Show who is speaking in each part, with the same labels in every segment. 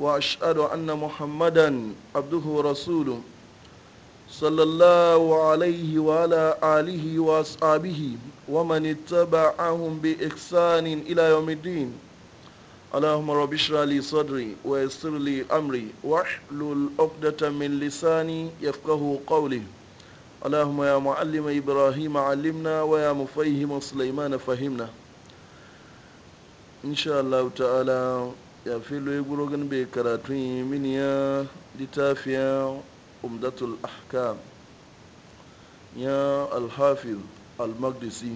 Speaker 1: واشهد ان محمدا عبده ورسوله صلى الله عليه وعلى اله واصحابه ومن اتبعهم باحسان الى يوم الدين اللهم رب اشرح لي صدري ويسر لي امري واحلل عقده من لساني يفقه قولي اللهم يا معلم ابراهيم علمنا ويا مفهم سليمان فهمنا ان شاء الله تعالى يا فيلو يقولون بكراتوي منيا لتافيا أمدة الأحكام يا الحافظ المقدسي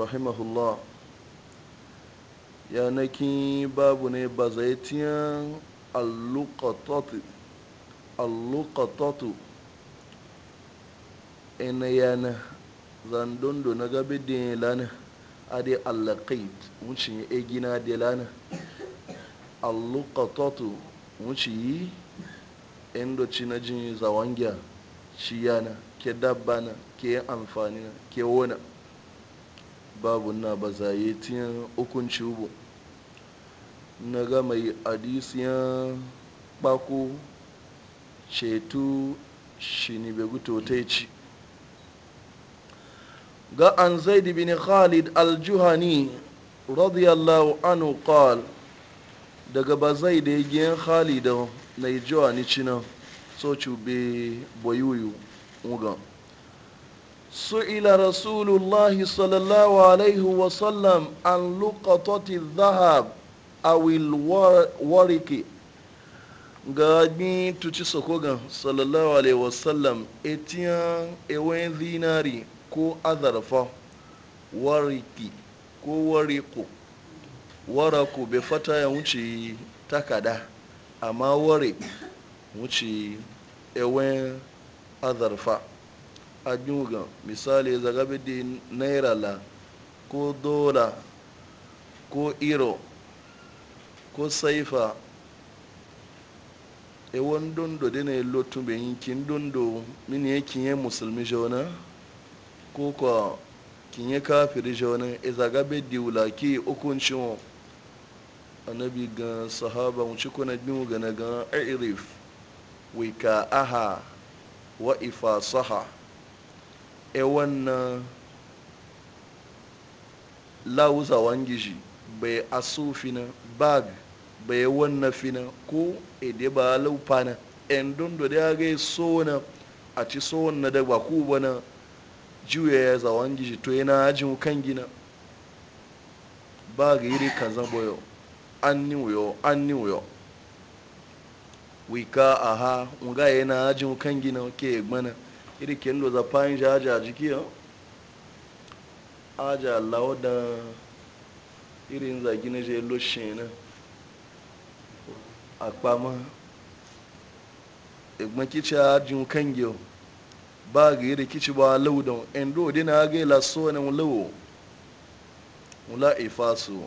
Speaker 1: رحمه الله يا نكي بابني بزيتيا اللقطات اللقطات إن يانا زندون دون غابدين لانه ade allaqait wuci egina delana alluqatatu wuci endo na jin zawangiya yana ke dabbana ke na, ke wona babu na ba zaye tiyan ukun cubo na ga mai adisiyan bako ceto shi ne beguto ta ci ga an zaid bin khalid Aljuhani, radiyallahu anhu qal daga ba zai da yin khalida na ni cina so cube boyuyu mugan سئل رسول الله صلى الله عليه وسلم عن لقطة الذهب أو الورق gani tuci sokogan sallallahu alaihi wasallam etiyan ewen zinari ko azarfa wariki ko wariko warako bai fata ya wuce takada amma ware wuce ewen azarfa a ga misali zagabe da naira la ko dola ko iro ko saifa ewon dondo dina lotu bayan kin dondo mini yakin yin musulmi jona kuka kwa kinye kafiri jaunin izaga bai diwula ki annabi ga sahaba wuce kuna biyu ga na ga irif wika aha wa ifa saha. e wannan lauza wangiji bai asu fina bag bai wannan fina ko ede ba laufana na? dondo da ya gai so na a ci so na da ba ku bana juya ya zawon gishi to yana hajin kan gina ba ga yiri kan zan yau an ni wuyo an ni wuyo wika a ha nga yana hajin kan gina ke gbana iri ken lo zafayin a jiki yau aji lawo da irin zagi na je lo na a kpama egbankici hajin kan gina ba ga yi rikici ba lau da in do dina ga yi laso ne lau mula ifasu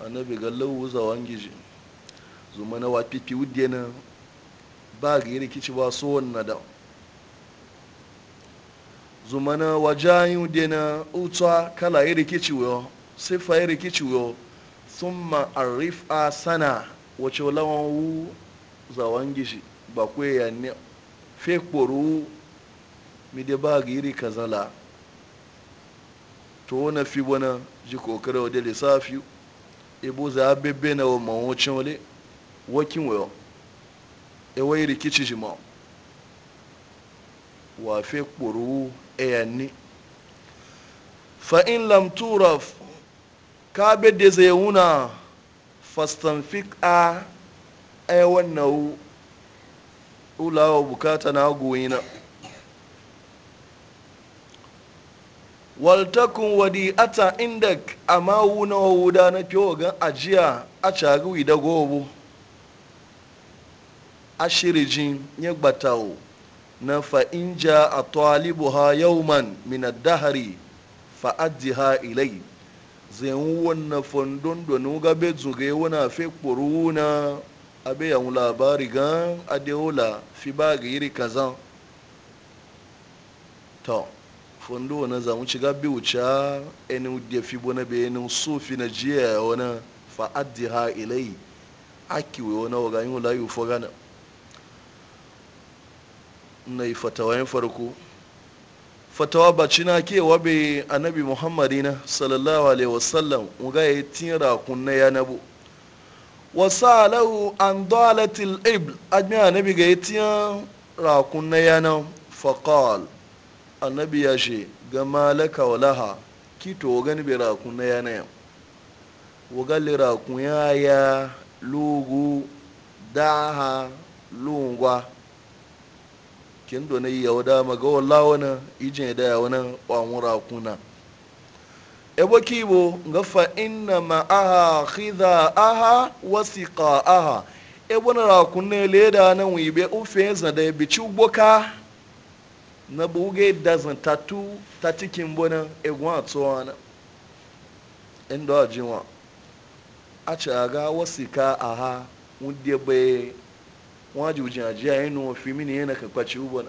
Speaker 1: e annabi ga lau za wangiji zuma na wapipi udena ba ga yi rikici ba so na nada zuma na wajayin udena utuwa kala yi e rikici wuyo sifa yi e rikici wo thumma arrifa sana wace lawan wu za wangiji ba kwaya ne fekporu mi ba giri kazala to na fi wani ji kokare wa dele safi ibo e za a bebe na wa mawacin wale wakin wayo e wai rikici jima wa fe kpuru eyanni fa in lam turaf ka be da zai wuna fastanfik a ai wannan ulawa bukata na goyina waltakun wadi inda amma wuna wuda na fiye ga ajiya a cagawi da gobu a shirijin ya gbatawo na fa'inja a talibu ha yauman minad dahari fa'addi ha ilai zai na fondon da nuga zuge wuna fi kuruna abe yawon labari gan adeola fi ba ga yiri kazan to fondo na mu ci gabi wuca eni de fi bona be eni sufi na jiya wana fa addiha ilai aki we wana waga yin layu fogana na yi fatawayen farko fatawa ba cina ke wabe annabi muhammadina sallallahu alaihi wasallam ga ya tira kunna ya nabu wa salahu an dalatil ibl admi annabi ga ya tira kunna ya nan faqal annabi ya she ga malaka walaha kito wagan bai rakun na yanayin wagalli rakun ya ya lugu daha lungwa kin do yi yawa dama ga wallahi wani ijin da ya wana kwamun rakuna ebo kibo ga fa inna ma'aha aha wa siqa'aha ebo na rakun ne leda nan wibe ufe zada bi ci boka na buge da zantatu ta cikin bonan egon atsuwa na inda ajinwa a ci aga wasu ka a ha wadda bai wajen jajiya yin nufi mini yana kakwaci ubana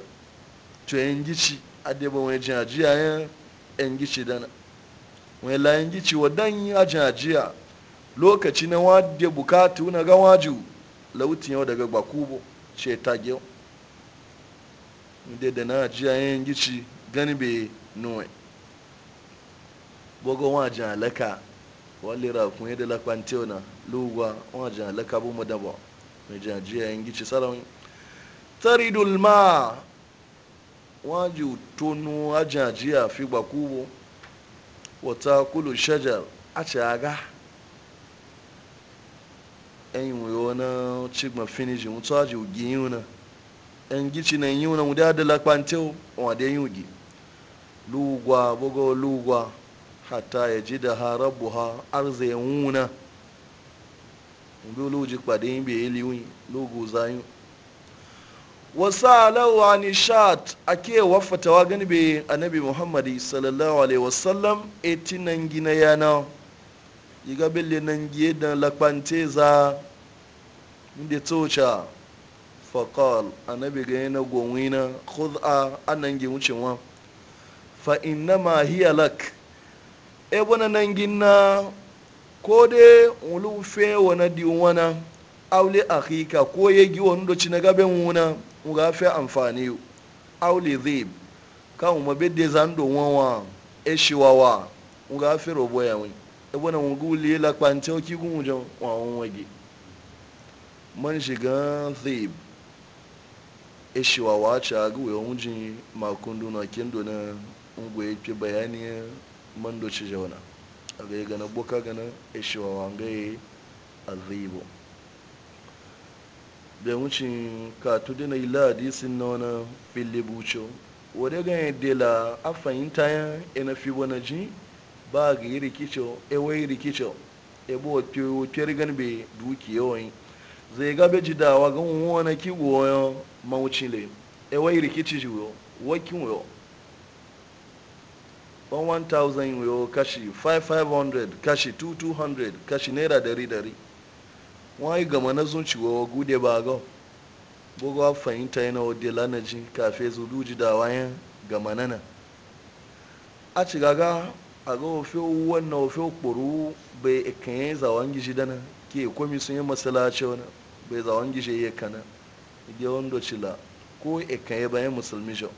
Speaker 1: to yin gici a daba wani jajiya yin yan gici dana wani layin gici wadan yi a jajiya lokaci na wadda bukatu na ga waju lautin yau daga gbakubo ce ta gyau inda da na ajiya yin gici gani bai nuwa gogo wa jan alaka wale rakun yadda lakwan teona lugwa wa jan alaka bu mu daba mai jan ajiya yin gici sarawin taridul ma wa ji tonu wa jan ajiya fi gbakubo wata kulu shajar a ce aga enyi wuyo na cigma finijin wuta ji ugi na. en gici na yiwu na wuda da wadda wade yugi lugwa bugo lugwa hatta ya ji da ha rabu ha arza ya wuna bi ji kpade yi bai ili wi lugu zayi wasa alawa ni a ake wafata wa gani bai annabi muhammad sallallahu alaihi wasallam eti nan gina yana yiga bille nan giye da za inda tsoca faƙal annabi ga na gowina khud'a annan gi wa fa inna ma hiya lak e wana nan ginna ko de wulu fe wana di wana aule akhika ko ye gi wani do cina gaben wuna ga fe amfani aule zib kan ma bedde zan do wawa e shiwawa ga fe robo ya wani e wana wugu lela kwanto ki gunjo wa wagi. man shiga zib eshiwa wacha ga wuyo wuji makundu na kendo na ngwa yake bayani e man doci jauna a ga e gana boka gana eshiwa a e azibo da wucin ka dina na ila hadisin na wani filibucho wadda ga yadda la a ya ina fi wani ji ba ga yi rikicho ewa yi rikicho ebo wa fiye gan be duki yawan zai gabe ji dawa ga wani kiwoyon mawuci le wai rikici ji wo wakin wo 1000 yo kashi 5500 kashi 2200 kashi naira dari dari wani gama na zunci wa gude ba ga bugu fahimta yana wadda lanaji kafe zulu e ji da wayan gama nana a ci gaga a ga ofe wannan ofe kporo bai ikanyen zawon gishi dana ke komi sun yi ce wani bai za wangi je ya kana ige wando cila ko e kaye bayan musulmi jo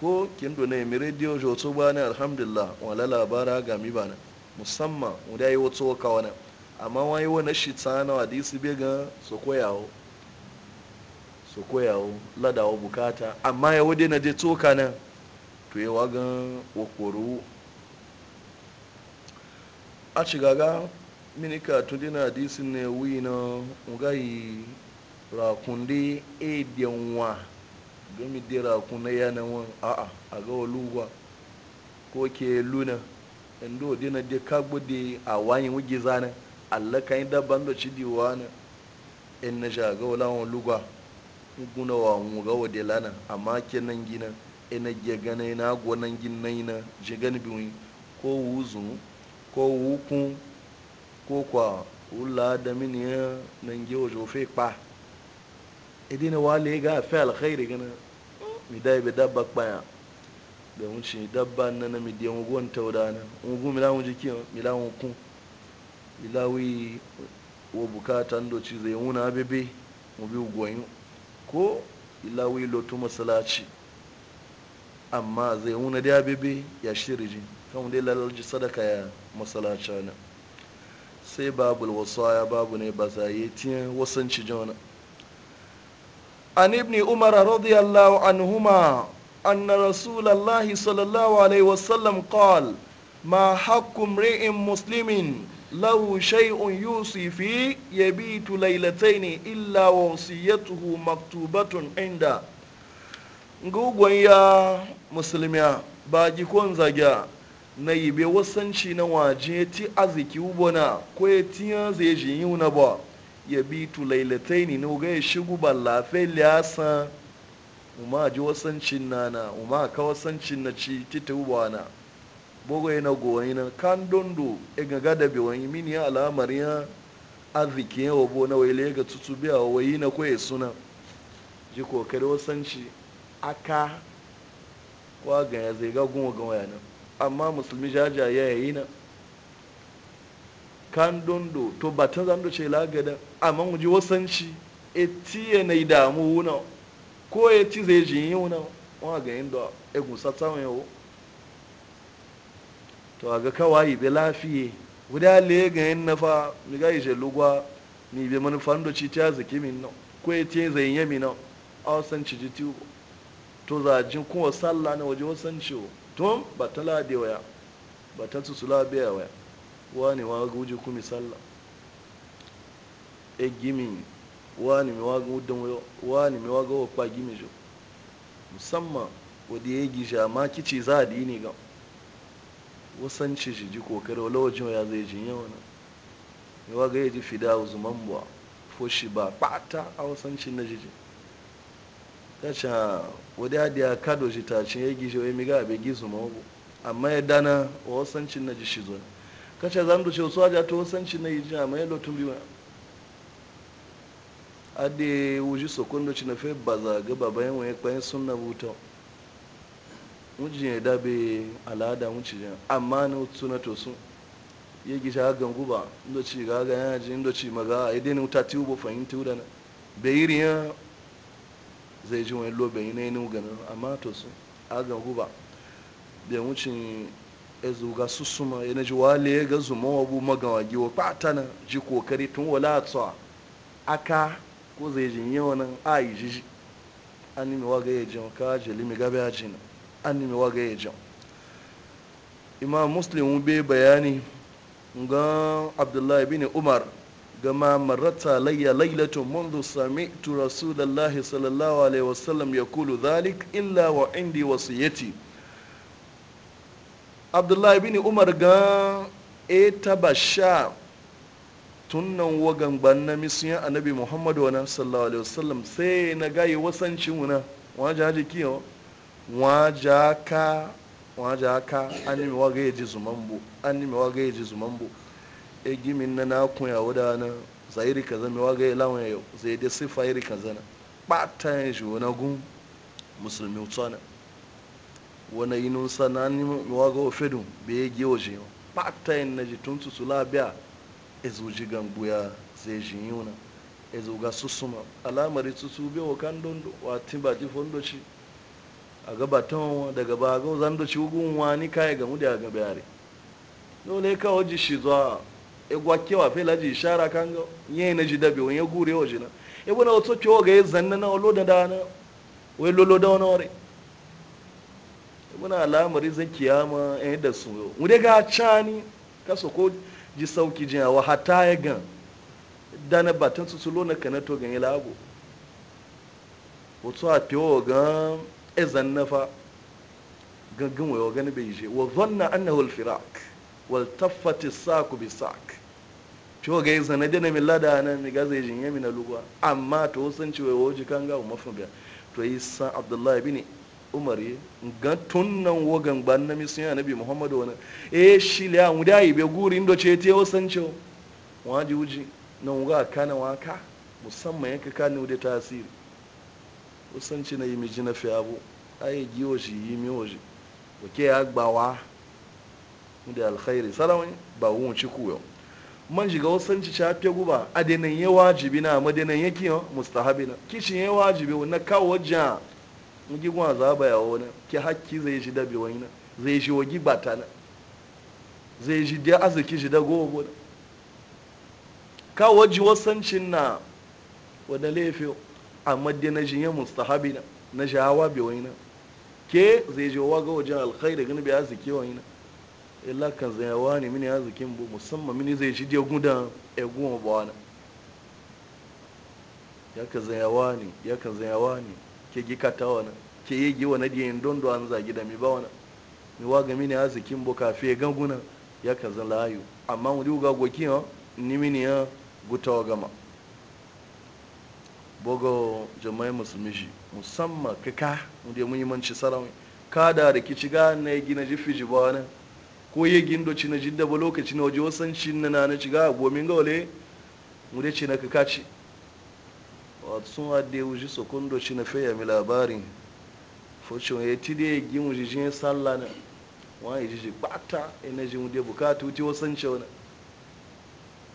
Speaker 1: ko kin dona ya mi diyo jo to bana alhamdulillah wala labara ga mi bana musamman wanda yi wato waka wani amma wani wani shi tsana hadisi bai ga su koyawo su koyawo ladawa bukata amma ya wade na je toka nan to yi wagan wakoro a mini katun na hadisi ne wi na ngai rakunde e biyanwa gami de rakunde yanayin wan a'a a ga waluwa ko ke luna ndo dina de kagbo de a wani wuge zana Allah kan da shi diwa di in na sha ga wala wan lugwa? guna wa mu ga wade lana amma nan gina ina ge gane na gonan e gin naina je gani e biyu. ko wuzu ko wukun ko kwa wula da mini ya nan giyo jofe kpa idin le ga fi alkhairi gana mi dai be dabba kpaya da wuce dabba na na mi diyan ugon taudana ugun mi lamun jiki mi lamun kun ilawi wo bukata ndo ci zai wuna bebe mu bi ugoyin ko ilawi lotu masalaci amma zai wuna da bebe ya shiriji kan dai lalaji sadaka ya masalaci na sai babul wasaya babu ne ba za zaye tiyan wasanci jona an ibni umar radiyallahu anhuma anna rasulallahi sallallahu alaihi wasallam qal ma haqqu imri'in muslimin lahu shay'un yusi fi yabitu laylatayn illa wasiyatuhu maktubatun inda ngugwan ya musulmiya ba gikon zagiya na yi be wasanci na waje ti arziki ubona ko ya tiyan zai ji yi wuna ba ya bi tu lailatai ne na ga ya shigu ballafe liyasa umar ji wasancin na na umar ka wasancin na ci tita ubona bogo yana goyi na kan dondo ya ga da bewa yi mini ya al'amari ya arziki ya wabo na ya ga tutu biya wayi na kwaye suna ji kokari wasanci aka kwa ga ya zai ga gunwa ga wayanan amma musulmi jajaye ya yi na kan dondo to ta zan doce lagadan amma mu ji wasanci eti ya na damu wuna ko ya e ci zai ji yi wuna wa ga yin da ya e gusa tsawon yawo to a ga kawai bai lafiye guda le ga yin na fa mi ga yi jelugwa mi bai manufan doci ta zaki min na ko ya e ci zai yi min na a wasanci ji tiwo to za a jin kuma sallah na waje wasanci ciwo tom ta de waya batatu sula a waya wani wa guji ku misalla e gimi wani mi waga udan wayo wani mi waga wakwa gimi jo musamman wadda ya gisha ma kici za a dini ga wasanci shi ji kokari wala wajen ya zai jin yawa na mi waga ya ji fida zuman buwa foshi ba kpata a wasancin na jijin kacha wadda da ya kado shi ta cin ya gizo ya miga abin gizo ma wabu amma ya dana wa wasancin na ji shi zo kacha zan da wasu soja ta wasancin na yi ji amma ya lotun biyu ade wuji sokondo ci na fe baza ga bayan wani kwayin sun na buta wuji ya dabe al'ada wuci jan amma na wutu na to sun ya gisa gangu ba inda ci gaga yana ji inda ci maga a idai na wuta tiwo ba fahimta wudana bai zai ji wani lobe yi na yi ganin amma to su aga guba bai wucin ya zuga su suma ya na ji wale ya ga zuma wabu magawagi wa fata na ji kokari tun wala tsawa aka ko zai ji yawa nan a yi ji an nimi waga ya jan ka jeli limi gaba ya jina an nimi waga ya jan imam muslim bai bayani ga abdullahi bin umar gama marata layya lailatun mundu sami'tu rasulallahi sallallahu alaihi wasallam ya kulu dhalik illa wa indi yati. abdullahi bin umar ga e taba tabasha tunnan wagan banna misiya annabi muhammadu wa sallallahu alaihi wasallam sai na gayi wasancin wuna waje haji kiyo waje ka waje ka anime waga yaji zumambo anime waga zuman bu. egimin na na kunya na zairi kaza mai waga ilawan e yau zai dai sifa iri kaza na ɓata ya shi wani gun musulmi tsana wani nun sana ni mai waga fedun bai yi giwa shi yau bata yin na jitun su labiya e zo ji gambuya zai shi yi ya e zo ga susuma alamari su su bai wa kan dondo wa tiba ji fondo shi a gabatan daga ba ga zan da shi wani kaya gamu da ga bayare dole ka waje shi zuwa egwa wa fela ji shara kanga nye na ji dabe wani gure wa jina ebo na wato kewa ga ya zanna na walo da dana wai lolo da wani wari ebo na alamari zan kiyama yan da su yau wude ga cani kaso ko ji sauki jin wa hata ya gan dana batan su su lona to gan ya labo wato a kewa gan e zanna fa gaggan wa gani bai je wa zanna annahu al-firaq wal taffati saku bi sak ciwo ga isa na dina da hannun na gaza yi na lugwa amma ta wasan ciwe woji kan ga mafi biya to yi san abdullahi bin umar yi ga tun nan wogan ban na misun yana nabi muhammadu wani e shi liya mu da yi bai guri inda ce te wasan ce waji wuji na wuga kana waka musamman yanka kanu da tasiri wasan ci na yi miji na fi a ayi giwo shi yi mi shi wake ya gbawa mu da alkhairi salamai ba wun ci man shiga wasanci shafe guba a denan ya wajibi na ma ya kiyo mustahabi na kishin ya wajibi na kawo wajen mugi gwa za ba yawo na ki hakki zai shi dabe wani na zai shi wagi bata na zai shi da arziki shi da gobo na kawo wajen wasancin na wadda laifi a madina shi ya mustahabi na na shahawa bai wani na ke zai shi waga wajen alkhairu gani bai arziki wani na illa kan zai yawa ne mini arzikin bu musamman mini zai shi je gudan ya goma ba wani ya kan zai yawa ya kan zai yawa ne ke gikata wani ke yi giwa na diyan don do an zagi da mi ba wani mi waga mini arzikin bu ya ganguna ya ka zai layu amma mu duga goki ya ni mini ya guta wa gama bogo jam'ain musulmi shi musamman kaka wanda ya muhimmanci sarawai kada da kici gane gina jifi jibawa nan ko ya gindo ci na jidda ba lokaci na waje wasan shi na na ci ga gomin ga wale mu dai ci na kaka ci sun hadde wuji sokundo ci na ya mi labarin focin ya ti dai gi shi ya sallah na wani jiji bata ina ji mu dai bukatu ti wasan ci wani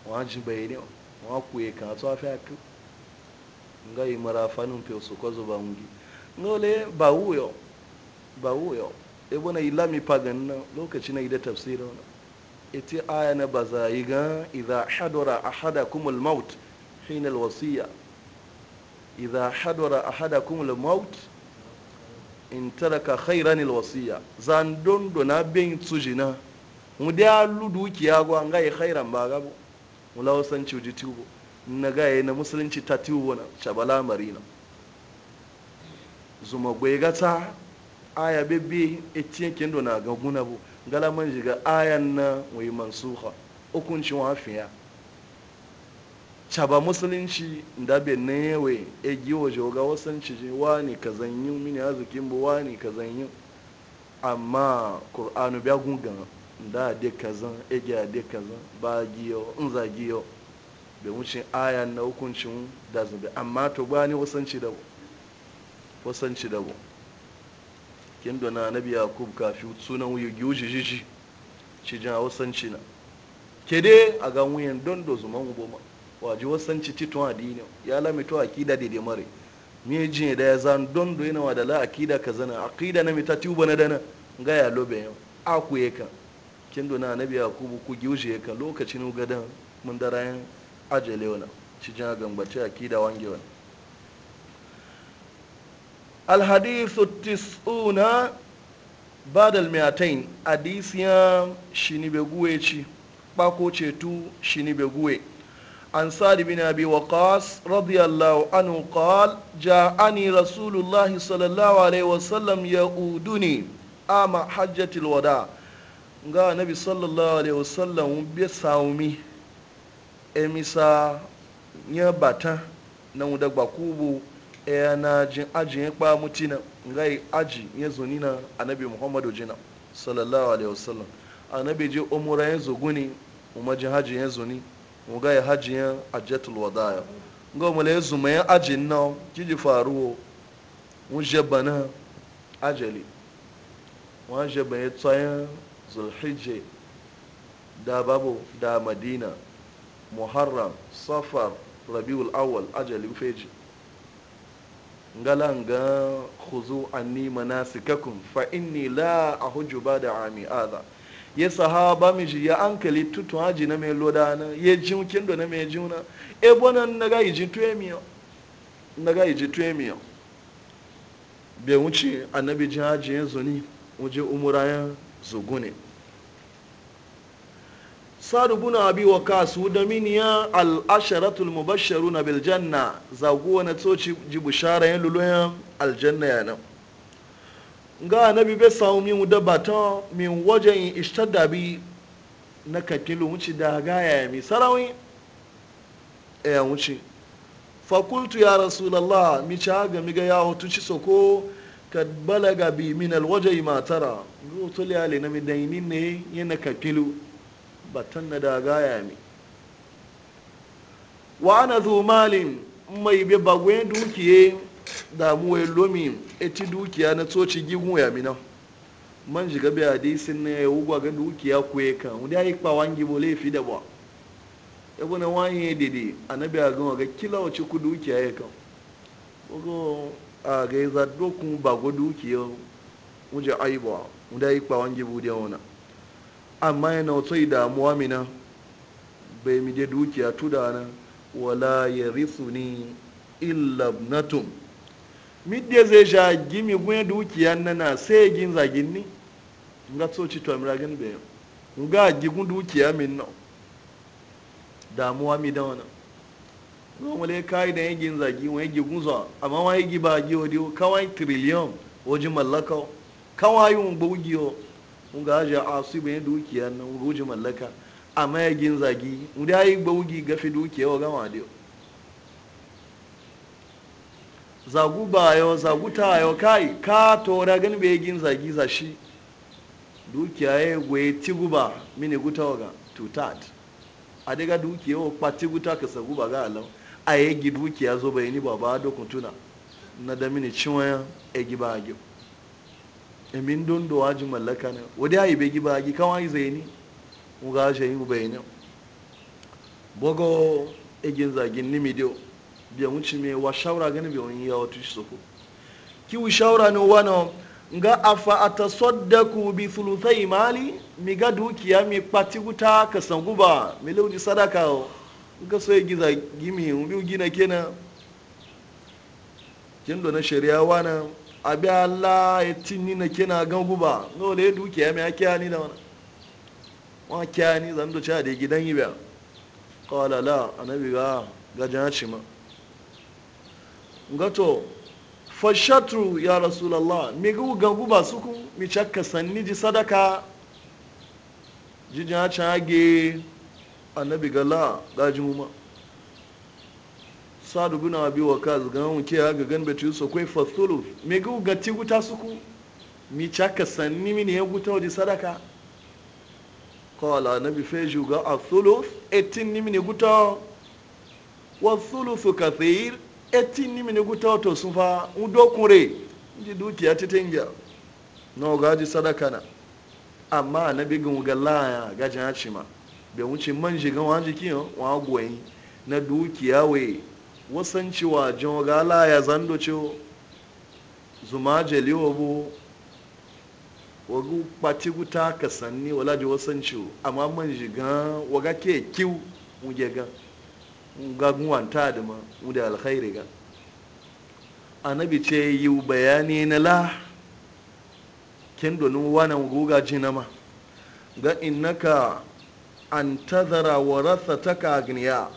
Speaker 1: wani ji bai ne wani kuye kan tsawa fiya haka nga yi marafanin fiye su kwazo ba mu Nga wale ba wuyo ba wuyo ibn ilami pagan nan lokaci na ida tafsirin ita aya na ba za yi ga idha hadara ahadakum al-maut hina al-wasiya idha hadara ahadakum al-maut in taraka khairan al-wasiya zan dondo na bin tsujina mu da lu dukiya go an ga khairan ba gabo mu lawsan cuji tubo na ga na musulunci ta tubo na shabala marina zuma gwe ta aya bebe etiyan kendo na ga guna bu galaman jiga ayan na wai mansuha hukuncin wafiya caba musulunci da bai na yawe e giwa ga wasan cije wani ka zanyi mini arzikin bu wani ka zanyi amma ƙur'anu biya gungan da de kazan ege ade kazan ba giyo in za giyo bai wuce ayan na hukuncin da zube amma to ba ni wasanci da wasanci da bu kendo na nabi yakub kafi sunan yugi jiji ci jan wasanci na Ke dai a ga wuyan don do zuman goma waji wasanci titun adini ya lami lamito akida daidai mare me ne da ya zan don do yana wada la akida ka zana akida na mita tuba na dana ga ya lobe yau a ku ye kan kendo na nabi yakub ku giushe ye kan lokacin gadan mun da rayan ajalewa na ci jan gambace akida wangewa الحديث التسعون بعد المئتين حديث يا شيني بغويتشي باكو تشيتو شيني بغوي عن سعد بن ابي وقاص رضي الله عنه قال جاءني رسول الله صلى الله عليه وسلم يؤدني اما حجة الوداع ga النبي صلى الله عليه وسلم saumi امسا يا باتا na mudagba e na jin ajiyin kpa mutina ngai aji ya zoni na anabi muhammadu jina sallallahu alaihi wasallam anabi ji umura ya zoguni umajin haji ya zoni nga ya haji ya ajjatul wadaya nga mala ya zuma ya aji na kiji faruwo mun jabana ajali wọn jaba ya tsayin zulhijje da babu da madina muharram safar rabiul awwal ajali feji galanga ga khuzu anni manasikakum fa inni la ahujju bada ami adha ya sahaba mi ji ya ankali tutu haji na mai loda na ya ji kin do na mai juna e bona na ga ji tuye mi na ga ji tuye mi be wuce annabi ji haji yanzu ni wuje umura ya zugune sadu buna abi wa kasu da miniya al'asharatul mubasharu na biljanna zaguwa na tsoci ji bushara yin luluyan aljanna ya nan ga bai samu min da bata min wajen da bi na kakilu wuce da gaya ya mi sarawi eh, ya wuce fakultu ya rasulallah mi ci haga mi ga ya hotu ci soko ka balaga bi min alwaje matara rutuli ali na mi dainin ne yana kakilu batun na daga ya mi wa ana zo malin mai bi bagwe dukiye damuwa lomi eti dukiya na tsoci gigun ya na man shiga bi hadisin na ya wugwa ga dukiya kuye kan wadda ya yi kpawan gibo laifi da ba yabo na wanye dede annabi a gama ga kila wace ku dukiya ya kan kogo a ga yi zaddo kun bago dukiya wuje aibuwa wadda ya yi kpawan gibo da wana amma yana wato yi damuwa mina bai mi je dukiya tuda na wala ya risu ni illa natum midde zai sha gimi gune dukiya nana sai gin zagin ni nga so ci to miragin bai nga gigun dukiya min na damuwa mina wana wannan normally kai da yin zagi wani gigun zuwa amma wani giba giyo kawai triliyon wajen mallaka kawai yin bugiyo mun ga haja a su bayan dukiya nan ruji mallaka amma ya zagi mu da yi gbaugi gafi dukiya wa gama da zagu ba yau zagu ta yau kai ka tora gani bai gin zagi za shi dukiya ya gwaye ti guba mini guta ga tutat a daga dukiya wa kwati guta ka sa guba ga alam a yagi dukiya zo bayani ba ba dokuntuna na da mini ciwon ya gi ba a gyau emin dondo waji mallaka ne yi bai giba gi kawai yi zaini mu ga yi bai ne bogo egin zagin ni midiyo biya wuce mai wa shawara gani biya wani yawa tushe soko ki wu shawara ne wano nga afa ku bi sulutai mali mi ga dukiya mi pati wuta ka guba mi laudi sadaka o ga so egin zagimi mu bi gina kenan kin do na shari'a wana abi Allah ya tinni na kina gan guba no le duke ya mai kiya ni da wani wa kiya ni zan do cha da gidan yi ba qala la anabi ga ga jaci ma ngato fashatru ya rasulullah mi gu gan guba suku mi chakka sanni ji sadaka ji cha ge annabi ga la ga juma sadu bin abi waqas ga hun ke haka gan bai so kai fasulu me ga gati guta ku mi chaka sanni mi ne guta waje sadaka qala nabi feju ga athuluth etin ni mi ne guta wa thuluthu kathir etin ni mi ne guta to sun fa udo kure ji dukiya ta tinga no gaji sadaka na amma nabi gun ga laya ga ma bai wuce man shiga wa jikin wa goyi na dukiya wai wasan cewa jogala ya zando ce zuma jeliwa bu wagu pati guta ka sanni wala ji wasan ciwo amma man ji ga waga ke kiw muje gan ga ta da ma mu alkhairi ga Anabi ce yi bayani na la kin donin wani guga jina ma ga innaka an tazara warasa ta ka agniya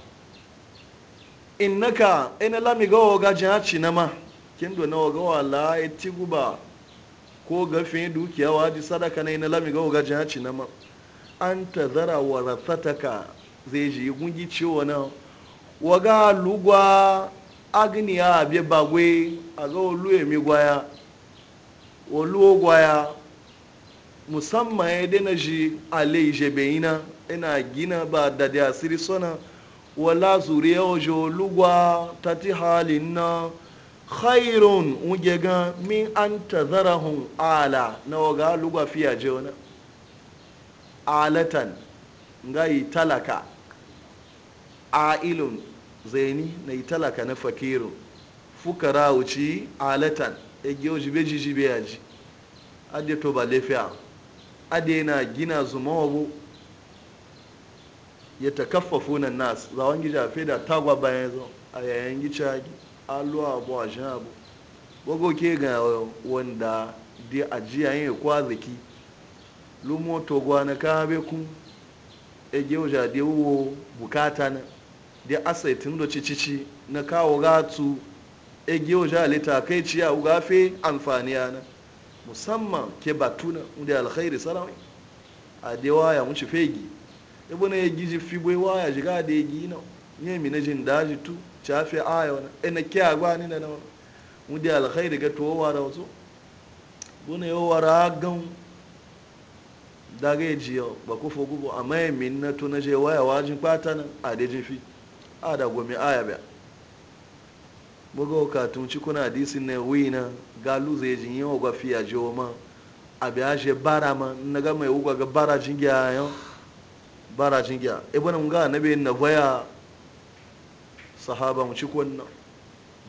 Speaker 1: innaka ina lamiga waga hachi na ma kin do na waga wala ya ti guba ko gafin dukiya waji sadaka na ina lamiga waga jihaci na ma an ta zara wa rasataka zai ji gungi ciwo na waga lugwa agniya biya bagwe a ga olu emi gwaya olu gwaya musamman ya dina ji ale ijebe ina ina gina ba da da asiri sona wala zuriya ojo lugwa ta ti halin na khairun wuge gan min an ta hun ala na waga lugwa fiya je wani alatan ga yi talaka ailun zaini na yi talaka na fakirun fukara wuce alatan ege oji be jiji be yaji ade to ba lafiya ade na gina zuma wabu ya ta kafa funan nas za wangi jafe da tagwa bayan zo a yayin gicagi aluwa abu a shan abu wago ke ga wanda dai ajiya yin kwaziki lumo to gwana ka be kun e gewja de wo bukata na dai tun da cicici na kawo gatu e gewja lita kai ciya ugafe amfaniya na musamman ke batuna da alkhairi sarawai a dewa ya mushi fegi ibn ya giji fi bai waya jiga da ya gi na ne mi na jin daji tu chafe aya wani e na kiya gwa ni na wani mu da alkhairi ga tuwa wara wasu ibn ya wara gan daga ya ji yau ba ku fogu ba amma min na tuna je waya wajin kwata nan a da jifi a da gomi aya ba. buga ka tun ci kuna hadisin na wi na galu zai jin yawa ga fiya jiwo ma a biya je bara ma na ga mai wuga ga bara jin gyayan bara giya ibn e, ga nabe na baya sahaba mu ci kunna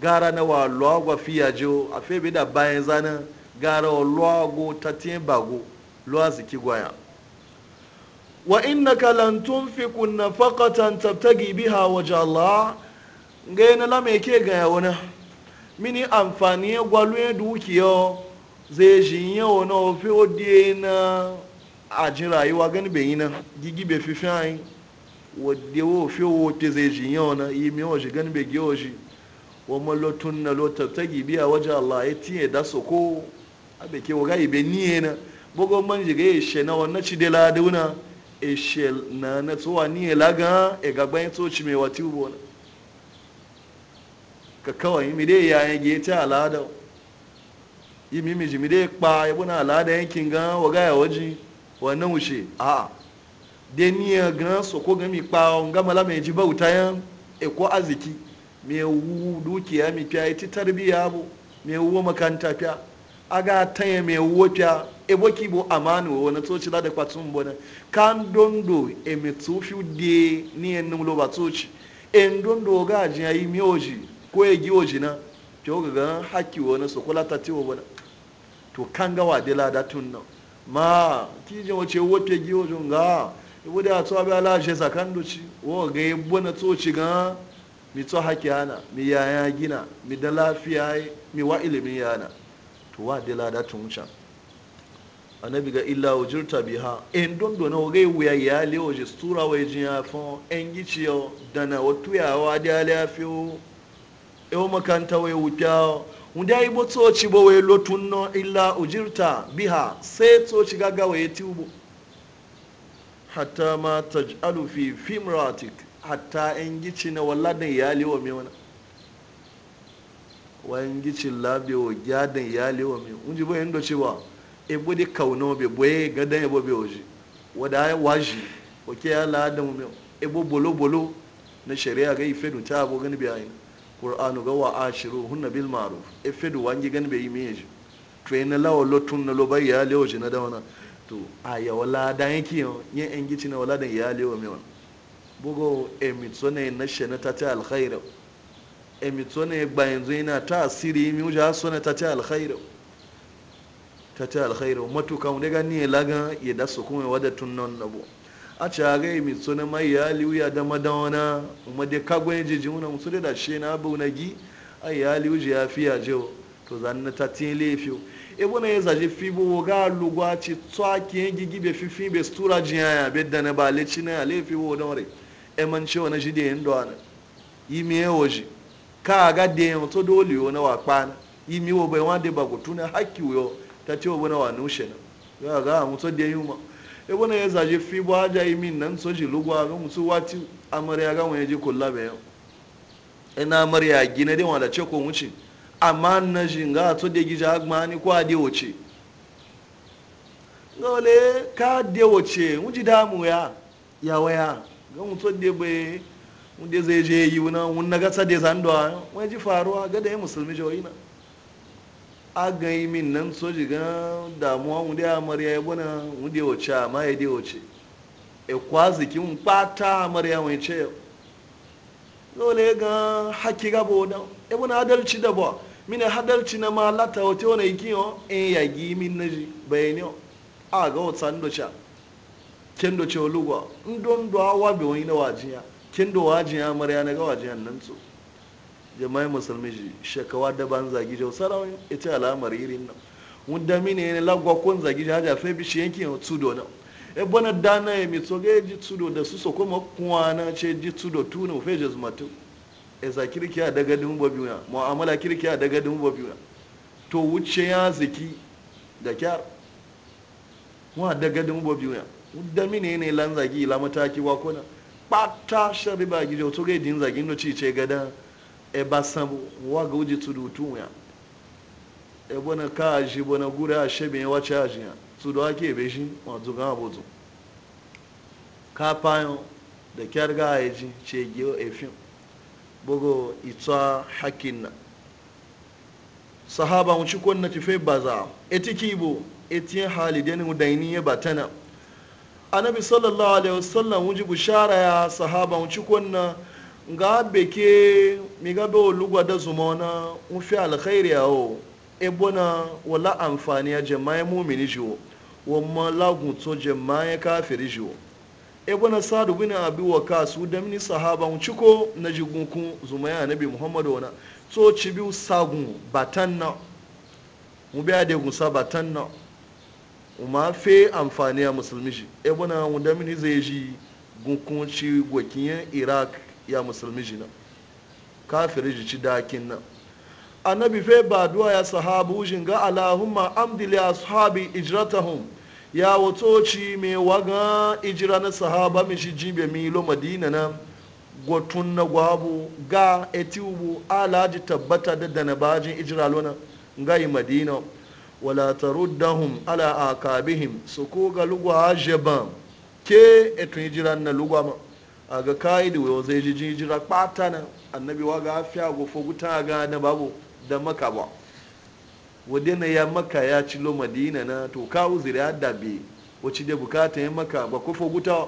Speaker 1: gara na wa fiya jo a fe bi da bayan zanin gara wa lwa go tatin bago lwa ziki gwaya wa innaka lan tunfiqu nafaqatan tabtagi biha wajha Allah na la meke ke ga wona mini amfani gwalwe dukiyo zai jinye wona ofe na ajin rayuwa gani bai yi na gigi bai fi fiyayin wadda wo fi wo te zai ji yau na yi mi waje gani bai gi waje wa malotun na lotar gi bi a waje Allah ya tiye da su ko abe ke waga ibe niye na bugon man jiga ya she na wannan ci de laduna e she na na tsowa niye laga e gagban ya wa ti wati ubo na ka kawai mi dai yayin ge ta al'ada yi mi mi ji mi dai kpa e ya buna al'ada yankin ga waga ya waje wannan wuce a dai ni e ya gan so ko gami kpawo gama la mai bauta yan e ko arziki me wu dukiya mi fiya ita tarbiya bu me wu makanta fiya aga tanya me wu fiya e boki bo amanu wani toci la da kwatsun bona kan dondo e me tufi de ni en nulo ba toci en dondo ga ji ayi mi oji ko e gi oji na to ga haki wani so kula ta tiwo bona to kan ga wa tun nan ma je wace wote giwo junga e da atso abi ala sakan sakanduci wo ga yebona ci ga mi tso haki ana mi yaya gina mi da lafiya mi wa ilimin yana to wa dila da tunca annabi ga illa wujurta biha en don don wo ga e wuya ya le oje sura wa e jin ya fon en ci yo dana wa ya wa da lafiyo e o makanta wa wuta wanda yi bo bo wai lotun no illa ujirta biha sai tsoci gaga wai ubu hatta ma taj'alu fi fimratik hatta in gici na walladan iyali wa me wa wayan gicin labe wa gyadan iyali wa me unji bo endo do cewa e budi kauno be boye gadan e bo be oji wada waji wake ya ladan me e bolo bolo na shari'a ga ife ta bo gani bi ayina qur'anu ga wa ashiru hunna bil ma'ruf e fedu wangi gan be yimeji to ina lawo lotun na lobai ya lewo ji na dawana to aya wala da yake yi en gici na wala da ya lewo me wani bugo emitsone na shena ta ta alkhair emitsone gba yanzu ina ta asiri mi uja sona ta ta alkhair ta ta alkhair matukan daga ni laga ya da su kuma wada tunnan nabo a cagai mi tsuna mai ya liuya da madawana kuma dai kago yin jiji wuna musu da shi na abu na gi a ya liuji ya fiya jewa to zan na tatin lefi ebo na ya zaje fibo ga lugwa ci tsaki yin gigi be fifi be stura jiyaya be da ba, bale ci na lefi wo don re e man cewa na jide yin doana yi mi yawo e ji ka ga da yin to dole yo na wa kpana yi mi wo bai wa de ba gutuna hakki yo ta ce wo na wa nushe na ga ga mutu da yi ma e wani ya zaje fi bo haja yi min nan soji lugwa ga musu wati amarya ga wani ji kulla bayan ina e amarya gina dai wanda ce ko wuce amma na jinga to da gija agmani ko a dewo ce. wuce wale ka dewo ce wuji damu ya ya waya ga mutu da bai wanda zai je yi wuna wun na gasa da zandowa wani ji faruwa ga da ya musulmi jawai na aga yi min nan soji gan damuwa mu da amarya ya bana mu da wace amma ya da wace e kwazi ki mu pata amarya mai ce dole ga haki ga boda e bana adalci da ba mina hadalci na ma lata wata wani ikin yo in ya gi min na ji bayani a ga wata kin kendo ce olugwa ndon do awa be wani na wajiya kendo wajiya amarya na ga wajiyan nan so jama'in musulmi ji shekawa da ban zagi jau sarawin ita alamar irin nan wanda mini ne lagwa kon zagi jau haja fe bishi yankin tudo na e bona dana e mi toge ji tsudo da su so kuma na ce ji tsudo tuna fe je zumatu e za a daga dumbo biya mu'amala a daga dumbo biya to wuce ya ziki da kyar wa daga dumbo biya wanda mini ne lan zagi la mataki wa kona pata shariba gijo toge din zagi no ci ce gada ebasambu waga uji tudutunya ya e bona gura ya wace ajiya su da ake ebe shi wanzu ga zo? ka fayon da kyar ga aji ce giyo efin bugu ita hakin na sahaba mu na ti fai baza etiki bo etiyan halidanin daini ya batana anabi sallallahu alaihi wasallam wuji bushara ya sahaba mu ci kwanna nga beke mi ga be olugwa da zuma na nfi alkhairi awo ebona wala amfani ya jama'a mu'mini o wamma lagun to jama'a kafiri jiwo ebona sadu bin abi kasu da mini sahaba un ciko na jigunku zuma ya nabi muhammadu wana to cibi sagun batan na mu biya da gusa batan na ma fe amfani ya musulmi ji ebona wanda mini zai ji gunkun ci gokin iraq ya musulmi jina kafiri ji ci dakin nan annabi fe ba duwa ya sahabu shin ga alahumma amdili ashabi ijratahum ya wato ci mai waga ijira na sahaba mai shi jibe milo madina na gwatun na gwabo ga etiubu alaji tabbata da dana bajin ijira lona ngai madina wala taruddahum ala akabihim su ko ga lugwa jeban ke etun ijiran na lugwa ma a ga kayi da wayo zai jiji jira kpata na annabi wa ga afiya go foguta ga na babu da maka ba wadda na ya maka ya ci lo madina na to ka uzuri adda bi wacce da bukata ya maka ba ko foguta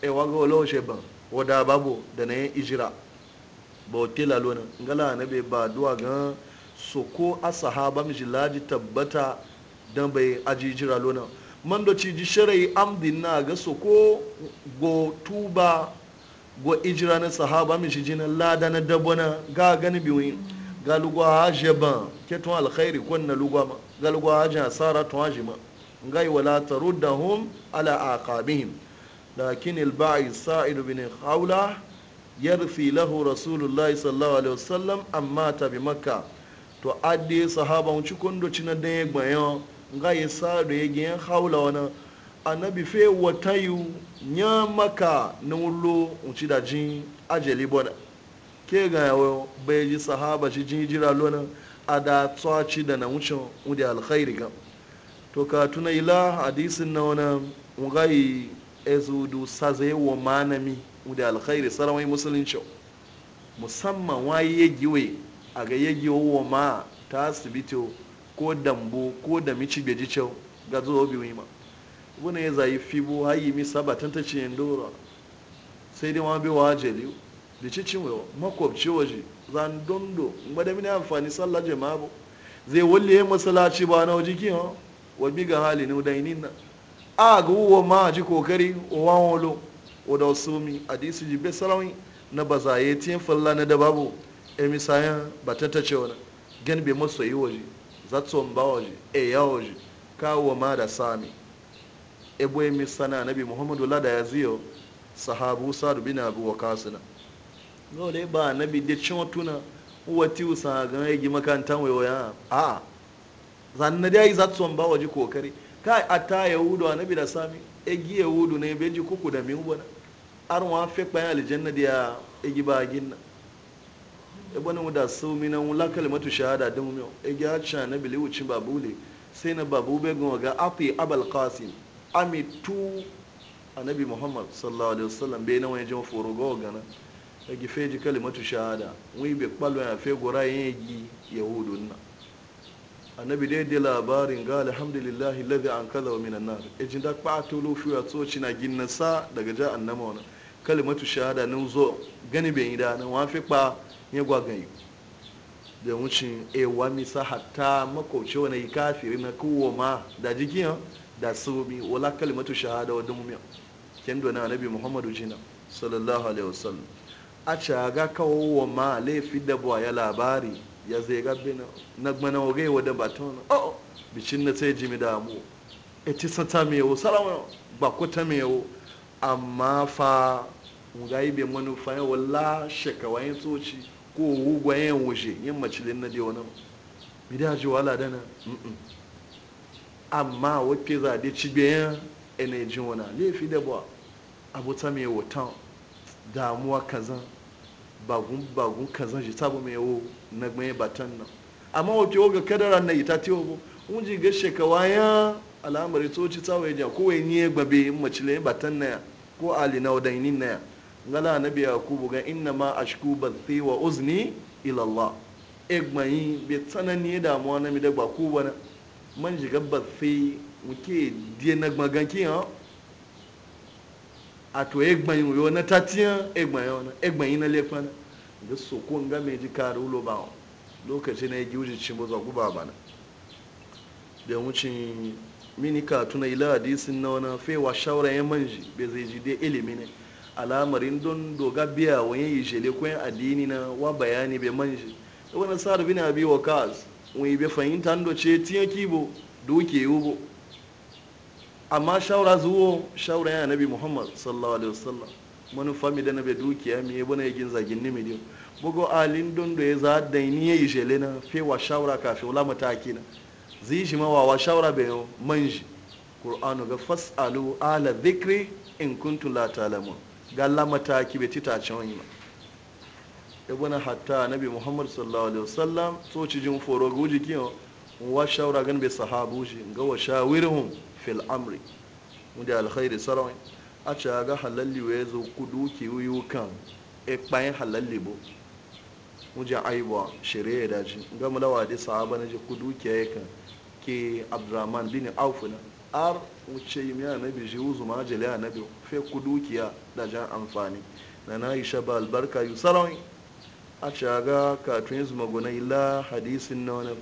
Speaker 1: e wa ga wala washe ban wada babu da na yin ijira ba wata lalona ngala annabi ba duwa ga so ko asahaba mijilaji tabbata dan bai aji ijira lona man da ci ji shirai amdin na ga so ko go tuba go ijira na sahaba mi shiji na lada na dabona ga gani biwi ga lugwa haje ba ke tun alkhairi kon na lugwa ma ga lugwa haje asara tun haje ma ngai wala taruddahum ala aqabihim lakin sa'idu bai sa'id bin khawla yarfi lahu rasulullah sallallahu alaihi wasallam amma ta bi makka to adde sahaba un ci ci na dan egban yo ngai sa'id yegin khawla wana annabi fe watayu ya maka na wulo unci da jin ajali bona ke ga yawo bai ji sahaba shi jin jira lona a da tsaci da na wucin wuri alkhairi ga to ka tuna ila hadisin na wani ngai ezudu saze wa manami wuri alkhairi sarawai musulunci musamman waye ya giwe a ga ya wa ma ta asibiti ko dambu ko da mici beji ga zuwa biyu ma wani ya zai fibo hayi mi ba ta ce dora sai dai wani bewa jeliyu da cicin wayo makwabci waje zandondo dondo da mini amfani sallah jama'a ba zai ya masalaci ba na waje ha wa bi ga hali ne wadani na a ga wuwa ma ji kokari wa wan wolo wa da sumi hadisi ji be salawin na bazaye tin falla na da babu e misayan batata ce wani gan be masoyi waje zatson ba waje e ya waje kawo ma da sami eboye misana nabi muhammadu lada ya ziyo sahabu sadu bin abu wa kasuna dole ba nabi da cin tuna wati usa ga yi makantan wayoya a zan na dai za tson ba waje kokari kai ata yahudu nabi da sami egi yahudu ne beji kuku da min wona ar wa fe pa aljanna dia egi ba ginna ibn da su minan wula kalimatu shahada dum egi ha cha nabi babu babule sai na babu begon ga afi abal qasim amitu annabi muhammad sallallahu alaihi wasallam bai na wani jin foro gawa gana ya gife ji kalimatu shahada wani bai kpalo ya fe gora yin gi yahudu na annabi dai da labarin ga alhamdulillahi ladi an kaza wa minan nar ejin da kpato lufi wa tsoci na ginna sa daga ja annama wani kalimatu shahada na zo gani bai yi da nan wa fi kpa ya gwagayi da wucin ewa misa hatta makwauce wani kafiri na kowa ma da jikin da sobi wala kalimatu shahada wa mumiya kendo na nabi muhammadu jina sallallahu alaihi wasallam a caga kawo wa ma laifi da buwa ya labari ya zai gabe na gbana wa da ba ta wani oh, bicin na sai jimi damu e ci sata mai yawo salama ba ko ta mai yawo amma fa mugayi bi manufa ya wala shakawayin tsoci? ko wugwayen wuce yin macilin na dewa da ji wala dana mm amma wafi zade da cibiyan energy wana laifi da ba abu ta mai wata damuwa kazan bagun-bagun kazan shi sabu mai yawo na gbaye batan nan amma wafi waga kadara na ita tewa bu un ji ga shekawa ya al'amari tsoci tsawo ya ja kowai ni ya gbabe mace batan na ya ko ali na wadainin na ya ngala na biya ku buga inna ma ashku bathi wa uzni ila Allah egmayi bi tsanani damuwa na mi da ba ku bana man shiga bafe muke die na gbagan kiyan a to egban yi yo na tatiyan egban yau na egban yi na lefa na ga soko nga mai ji kare ulo ba lokaci na yi wuce cin bazo guba ba na da wucin mini ka tuna ila hadisin na wani fewa shawara ya manji bai zai ji dai ilimi ne alamarin don doga biya wani yi jele ko yin na wa bayani bai manji wani sa'ar bin abi wa kas wani ibe fahimta da ce tiye kibo duke yi bo amma shawara zuwo shawara yana nabi muhammad sallallahu alaihi wasallam manufa mi da na bai dukiya mi yabo na zagin ni miliyo bugu alin don da ya za da ni ya yi shele na fewa shawara kafin wula mataki na zai shi mawawa shawara bai yau man shi ga fasalu ala zikri in kuntu la ta'lamun ga la mataki bai ci ta wani ma. ibn hatta nabi muhammad sallallahu alaihi wasallam so ci jin foro ga kiyo wa shawara gan be sahabu shi ga wa shawirhum fil amri mu da alkhairi sarawin a ci ga halalli wa zo kudu ki wuyu kan e payin halalli bo mu ja aiwa shari'a da ji ga mu lawa sahaba na ji kudu ki ya kan ke abdurrahman bin auf na ar wuce yi miya nabi ji wuzu ma jali nabi fe kudu ki ya da jan amfani na na yi shaba albarka yu sarawin a shaga katun zuma gunai la hadisin na wani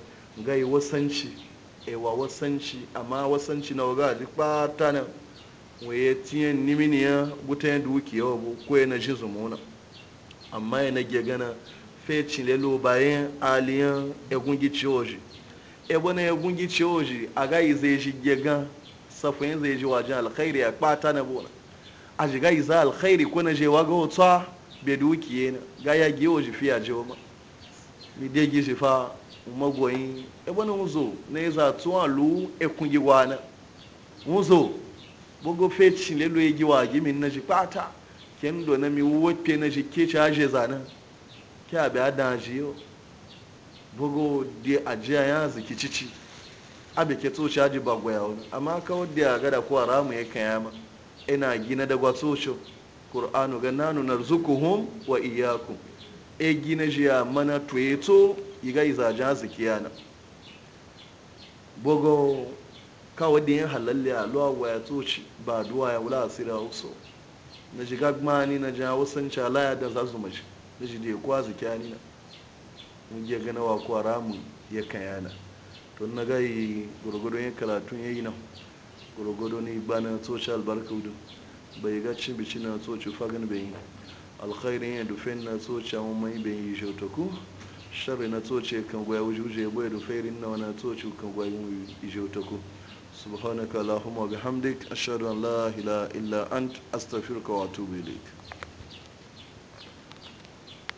Speaker 1: gai wasanci ewa wasanci amma wasanci na waga ji kpata na waye tiye niminiya butayen dukiya wabu ko yana su muna amma yana gana feci lelo bayan aliyan egungi ciwoji ebo na egungi ciwoji a gayi zai ji gegan safin zai ji wajen alkhairi a kpata na bu a ji gai za alkhairi ko na je waga otuwa bai dukiye na ga ya giyo ji ma ni dai e e gi shi fa magoyin ebe na uzo na ya zatu alu ekun gi wana uzo bogo fecin lelo ya gi min na ji pata ken do na mi wope na ji ke chaje zana ke abi adan yo bogo de ajiya ya ziki cici abe ke to chaji bagwaya amma kawai da ga da ko haramu e ya kayama ina gina da gwatsocho ƙur'anu ga nanu narzukuhum wa iyakun e gina jiya mana tuyeto iga izajen su kiyana bugo kawai da yin halalli a luwa waya toci ba duwa ya wula sira so na ji gagmani na ja wasan calaya da za su mace na ji da kuwa kwa su na mun ya gana wa kuwa ramun ya kayana to na gai gurgudu yin karatun ya yi nan gurgudu ne bana toci albarka wudin bai ga cin bici na so ci fagin bai alkhairin ya dufe na so ci amma mai bai yi jotoku sharri na so ci kan gwaya wuje bai dufe rin na wani so ci kan gwaya yi jotoku subhanaka allahumma bihamdik ashhadu an la ilaha illa ant astaghfiruka wa atubu ilaik